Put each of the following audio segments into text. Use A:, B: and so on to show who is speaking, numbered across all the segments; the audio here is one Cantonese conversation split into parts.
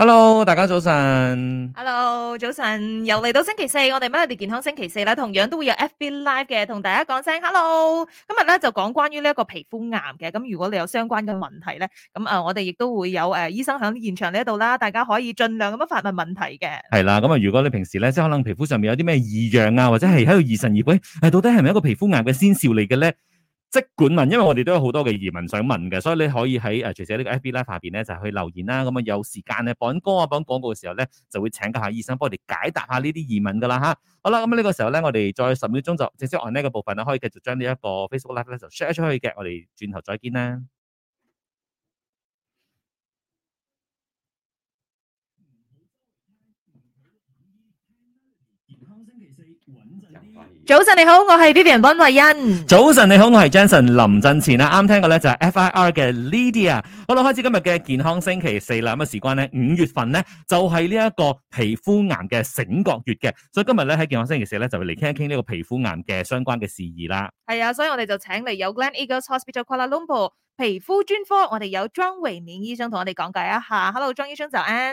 A: hello，大家早晨。
B: hello，早晨，又嚟到星期四，我哋每日健康星期四啦，同樣都會有 FB live 嘅，同大家講聲 hello。今日咧，就講關於呢一個皮膚癌嘅，咁如果你有相關嘅問題咧，咁啊我哋亦都會有誒醫生喺現場呢度啦，大家可以盡量咁樣發問問題嘅。
A: 係啦，咁啊如果你平時咧即係可能皮膚上面有啲咩異樣啊，或者係喺度疑神疑鬼，誒到底係咪一個皮膚癌嘅先兆嚟嘅咧？即管問，因為我哋都有好多嘅疑問想問嘅，所以你可以喺誒，隨、啊、時呢個 FB Live 下面咧，就去留言啦。咁啊，有時間咧，播緊歌啊，播緊廣告嘅時候咧，就會請教下醫生幫我哋解答下呢啲疑問噶啦吓，好啦，咁呢個時候咧，我哋再十秒鐘就正式按呢個部分啦，可以繼續將呢一個 Facebook Live 咧就 share 出去嘅。我哋轉頭再見啦。
B: 早晨你好，我係 Vivian 溫慧欣。
A: 早晨你好，我係 Jenson 林振前啊，啱聽過咧就係 FIR 嘅 Lydia。好啦，開始今日嘅健康星期四啦。咁啊，事關咧五月份咧就係呢一個皮膚癌嘅醒覺月嘅，所以今日咧喺健康星期四咧就會嚟傾一傾呢個皮膚癌嘅相關嘅事宜啦。
B: 係啊，所以我哋就請嚟有 Glenn Eagles Hospital Kuala Lumpur 皮膚專科，我哋有莊維勉醫生同我哋講解一下。Hello，莊醫生早安。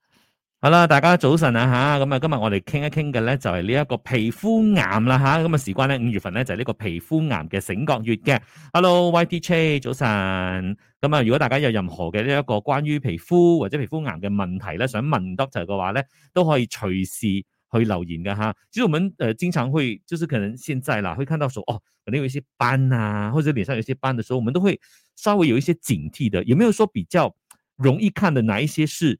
A: 好啦，大家早晨啊吓，咁啊，今日我哋傾一傾嘅咧就係呢一個皮膚癌啦吓，咁啊，時關咧五月份咧就係呢個皮膚癌嘅醒覺月嘅。Hello，Y T J，早晨。咁啊，如果大家有任何嘅呢一個關於皮膚或者皮膚癌嘅問題咧，想問 doctor 嘅話咧，都可以隨時去留言噶吓。其實我們誒經常會，就是可能現在啦，會看到說哦，可能有一些斑啊，或者臉上有些斑的時候，我們都會稍微有一些警惕的。有冇有說比較容易看的哪一些是？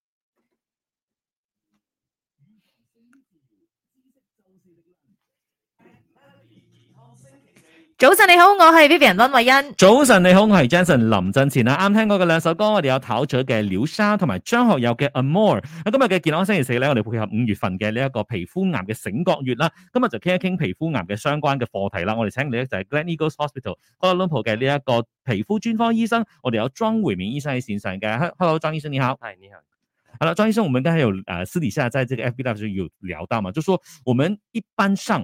B: 早晨你好，我係 Vivian 溫慧欣。
A: 早晨你好，我係 Jason 林振前啊。啱聽過嘅兩首歌，我哋有陶喆嘅《流沙》同埋張學友嘅《Amour、啊》。今日嘅健康星期四咧，我哋配合五月份嘅呢一個皮膚癌嘅醒覺月啦、啊。今日就傾一傾皮膚癌嘅相關嘅課題啦、啊。我哋請你咧就係、是、Gleneagles Hospital Kuala Lumpur 嘅呢一個皮膚專科醫生，我哋有莊回明醫生喺線上嘅。Hello，莊醫生你好。係，你好。好、啊、了，莊醫生，我們今日有誒、呃、私底下在這個 FB 上邊有聊到嘛，就說我們一般上。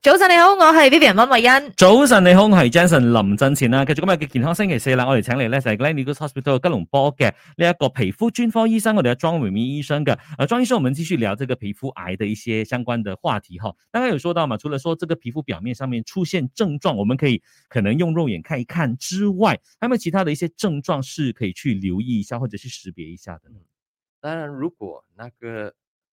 B: 早晨你好，我係 Vivian 溫慧欣。
A: 早晨你好，我係 Jensen 林振前啦。其實今日嘅健康星期四啦，我哋請嚟咧就係 National Hospital 吉隆坡嘅呢一個皮膚專科醫生，我哋嘅莊偉明醫生嘅。啊、呃，莊醫生，我們繼續聊這個皮膚癌的一些相關的話題哈。剛剛有說到嘛，除了說這個皮膚表面上面出現症狀，我們可以可能用肉眼看一看之外，還有冇其他的一些症狀是可以去留意一下或者去識別一下的呢？
C: 當然，如果那個。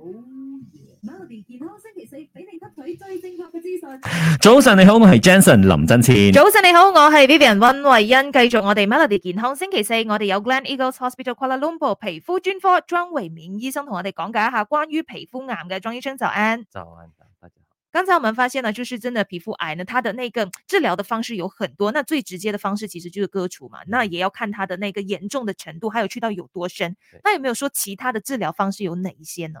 A: Oh yeah. 早上你好，我係 Jason 林真千。早
B: 上你好，我係 Vivian 溫慧欣。繼續我哋 Melody 健康星期四，我哋有 Glen Eagles Hospital Kuala Lumpur 皮膚專科莊維勉醫生同我哋講解一下關於皮膚癌嘅。莊醫生早安。早
D: 安，早
E: 安，大
B: 家好。剛才我們發現呢，就是真嘅皮膚癌呢，它的那個治療的方式有很多。那最直接的方式其實就是割除嘛。那也要看它的那個嚴重的程度，還有去到有多深。那有沒有說其他的治療方式有哪一些呢？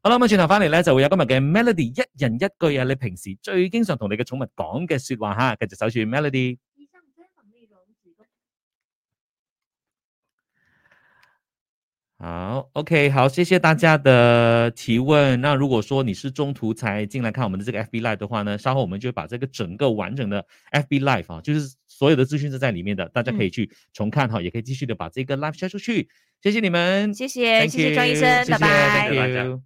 A: 好，我咁轉頭翻嚟呢，就會有今日嘅 Melody 一人一句啊！你平時最經常同你嘅寵物講嘅說話吓，繼續守住 Melody。以上好 OK，好，謝謝大家的提問。那如果說你是中途才進來看我們的這個 FB Live 的話呢，稍後我們就把這個整個完整的 FB Live 啊，就是所有的資訊都在裏面的，大家可以去重看哈，嗯，也可以繼續的把這個 Live share 出去。謝謝你們，
B: 謝謝，you，謝謝張醫生，拜拜。嗯